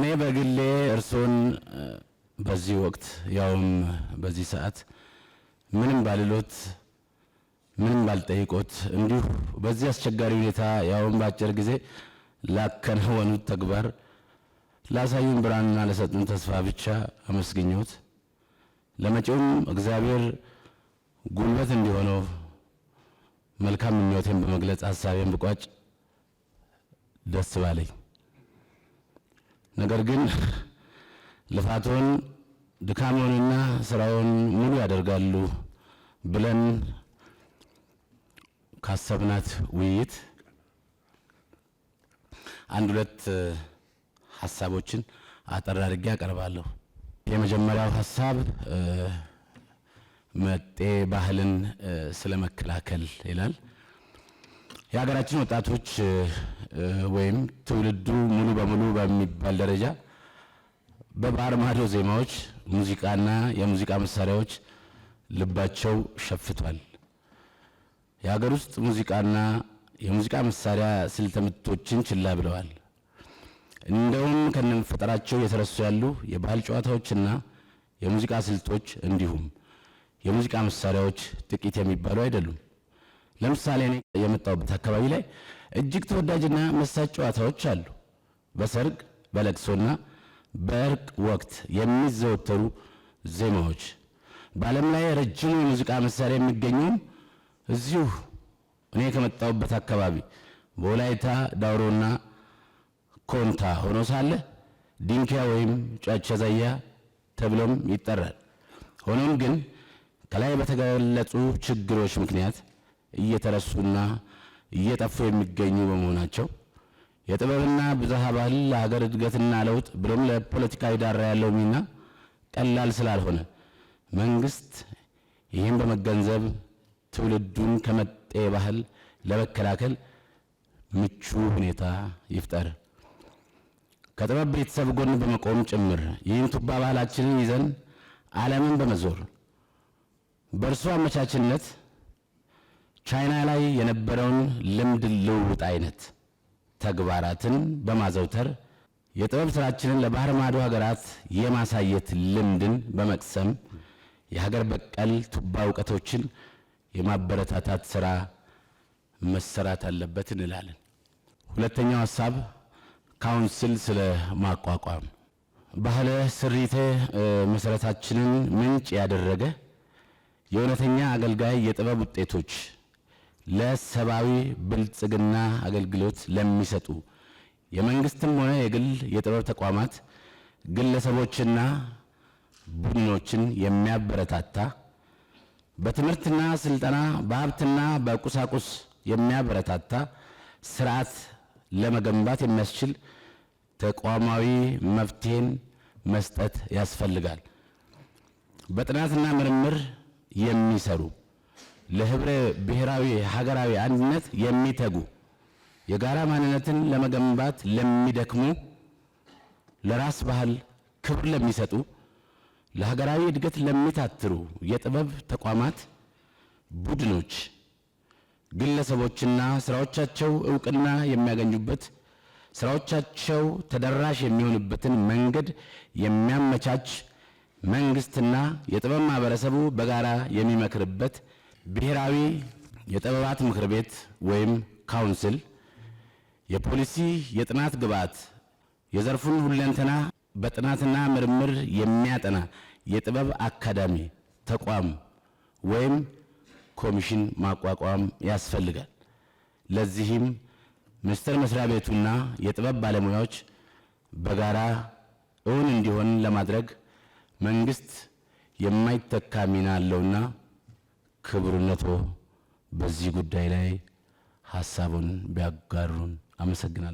እኔ በግሌ እርሶን በዚህ ወቅት ያውም በዚህ ሰዓት ምንም ባልሎት ምንም ባልጠይቆት እንዲሁ በዚህ አስቸጋሪ ሁኔታ ያውም በአጭር ጊዜ ላከናወኑት ተግባር ላሳዩን ብርሃንና ለሰጡን ተስፋ ብቻ አመስግኘውት ለመጪውም እግዚአብሔር ጉልበት እንዲሆነው መልካም ምኞቴን በመግለጽ ሀሳቤን ብቋጭ ደስ ባለኝ። ነገር ግን ልፋቶን ድካሞንና ስራውን ሙሉ ያደርጋሉ ብለን ካሰብናት ውይይት አንድ ሁለት ሀሳቦችን አጠር አድርጌ አቀርባለሁ። የመጀመሪያው ሀሳብ መጤ ባህልን ስለመከላከል ይላል። የሀገራችን ወጣቶች ወይም ትውልዱ ሙሉ በሙሉ በሚባል ደረጃ በባህር ማዶ ዜማዎች፣ ሙዚቃና የሙዚቃ መሳሪያዎች ልባቸው ሸፍቷል። የሀገር ውስጥ ሙዚቃና የሙዚቃ መሳሪያ ስልተ ምቶችን ችላ ብለዋል። እንደውም ከነፈጠራቸው የተረሱ ያሉ የባህል ጨዋታዎችና የሙዚቃ ስልቶች እንዲሁም የሙዚቃ መሳሪያዎች ጥቂት የሚባሉ አይደሉም። ለምሳሌ እኔ የመጣሁበት አካባቢ ላይ እጅግ ተወዳጅና መሳጭ ጨዋታዎች አሉ። በሰርግ በለቅሶና በእርቅ ወቅት የሚዘወተሩ ዜማዎች። በዓለም ላይ ረጅሙ የሙዚቃ መሳሪያ የሚገኘውም እዚሁ እኔ ከመጣሁበት አካባቢ በወላይታ ዳውሮና ኮንታ ሆኖ ሳለ ዲንኪያ ወይም ጫቻ ዛያ ተብሎም ይጠራል። ሆኖም ግን ከላይ በተገለጹ ችግሮች ምክንያት እየተረሱና እየጠፉ የሚገኙ በመሆናቸው የጥበብና ብዝሃ ባህል ለሀገር እድገትና ለውጥ ብሎም ለፖለቲካ ዳራ ያለው ሚና ቀላል ስላልሆነ መንግስት ይህም በመገንዘብ ትውልዱን ከመጤ ባህል ለመከላከል ምቹ ሁኔታ ይፍጠር፣ ከጥበብ ቤተሰብ ጎን በመቆም ጭምር ይህን ቱባ ባህላችንን ይዘን ዓለምን በመዞር በእርሱ አመቻችነት ቻይና ላይ የነበረውን ልምድ ልውውጥ አይነት ተግባራትን በማዘውተር የጥበብ ስራችንን ለባህር ማዶ ሀገራት የማሳየት ልምድን በመቅሰም የሀገር በቀል ቱባ እውቀቶችን የማበረታታት ስራ መሰራት አለበት እንላለን። ሁለተኛው ሀሳብ ካውንስል ስለ ማቋቋም ባህለ ስሪተ መሰረታችንን ምንጭ ያደረገ የእውነተኛ አገልጋይ የጥበብ ውጤቶች ለሰብአዊ ብልጽግና አገልግሎት ለሚሰጡ የመንግስትም ሆነ የግል የጥበብ ተቋማት ግለሰቦችና ቡድኖችን የሚያበረታታ በትምህርትና ስልጠና በሀብትና በቁሳቁስ የሚያበረታታ ስርዓት ለመገንባት የሚያስችል ተቋማዊ መፍትሄን መስጠት ያስፈልጋል። በጥናትና ምርምር የሚሰሩ ለህብረ ብሔራዊ ሀገራዊ አንድነት የሚተጉ የጋራ ማንነትን ለመገንባት ለሚደክሙ ለራስ ባህል ክብር ለሚሰጡ ለሀገራዊ እድገት ለሚታትሩ የጥበብ ተቋማት፣ ቡድኖች፣ ግለሰቦችና ስራዎቻቸው እውቅና የሚያገኙበት ስራዎቻቸው ተደራሽ የሚሆኑበትን መንገድ የሚያመቻች መንግስትና የጥበብ ማህበረሰቡ በጋራ የሚመክርበት ብሔራዊ የጥበባት ምክር ቤት ወይም ካውንስል የፖሊሲ የጥናት ግብዓት የዘርፉን ሁለንተና በጥናትና ምርምር የሚያጠና የጥበብ አካዳሚ ተቋም ወይም ኮሚሽን ማቋቋም ያስፈልጋል። ለዚህም ሚኒስቴር መስሪያ ቤቱና የጥበብ ባለሙያዎች በጋራ እውን እንዲሆን ለማድረግ መንግስት የማይተካ ሚና አለውና ክብርነቶ በዚህ ጉዳይ ላይ ሀሳቡን ቢያጋሩን። አመሰግናለሁ።